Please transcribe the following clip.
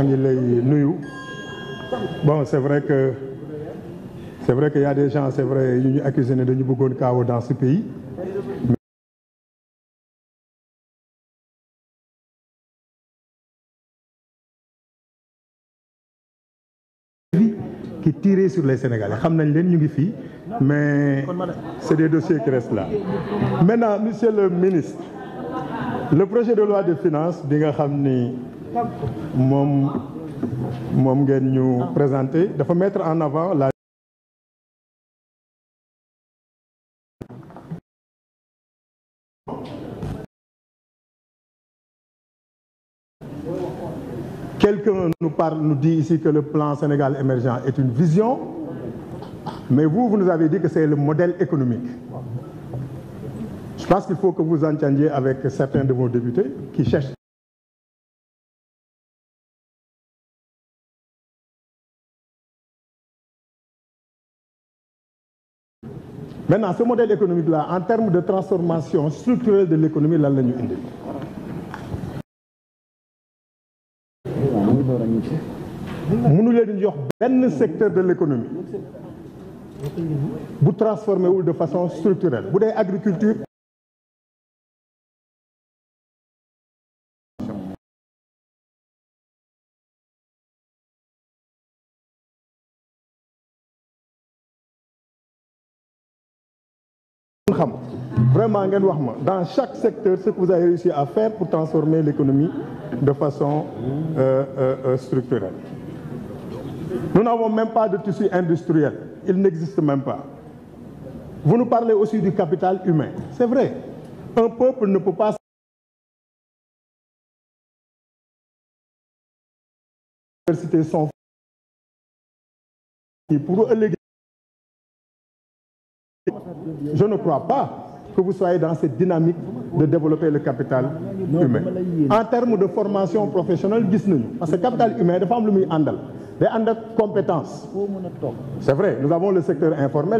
maa ngi lay nuyu bon c'est vrai que c'est vrai que y a des gens c'est vrai yu ñu accusé ne dañu bëggoon kaaw dans ce pays qui tirait sur xam nañ leen ngi fii mais c'est le projet de loi de finances bi moom moom ngeen ñu ah. dafa mettre en avant la Quelqu'un nous parle, nous dit ici que le plan Sénégal émergent est une vision, mais vous, vous nous avez dit que c'est le modèle économique. Je pense qu'il faut que vous entendiez avec certains de vos députés qui cherchent maintenant ce modèle économique là en termes de transformation structurelle de l'économie lan la ñu indi mënu leen jox benn secteur de l'économie bu transformé wul de façon structurelle bu dee agriculture xam vraiment ngeen wax ma dans chaque secteur ce que vous avez réussi à faire pour transformer l'économie de façon euh, euh, euh, structurelle nous n'avons même pas de tissu industriel il n'existe même pas vous nous parlez aussi du capital humain c'est vrai un peuple ne peut pas université Je ne crois pas que vous soyez dans cette dynamique de développer le capital humain en termes de formation professionnelle gis nañu parce que capital humain dafa am lu muy àndal day ànd ak c'est vrai nous avons le secteur informel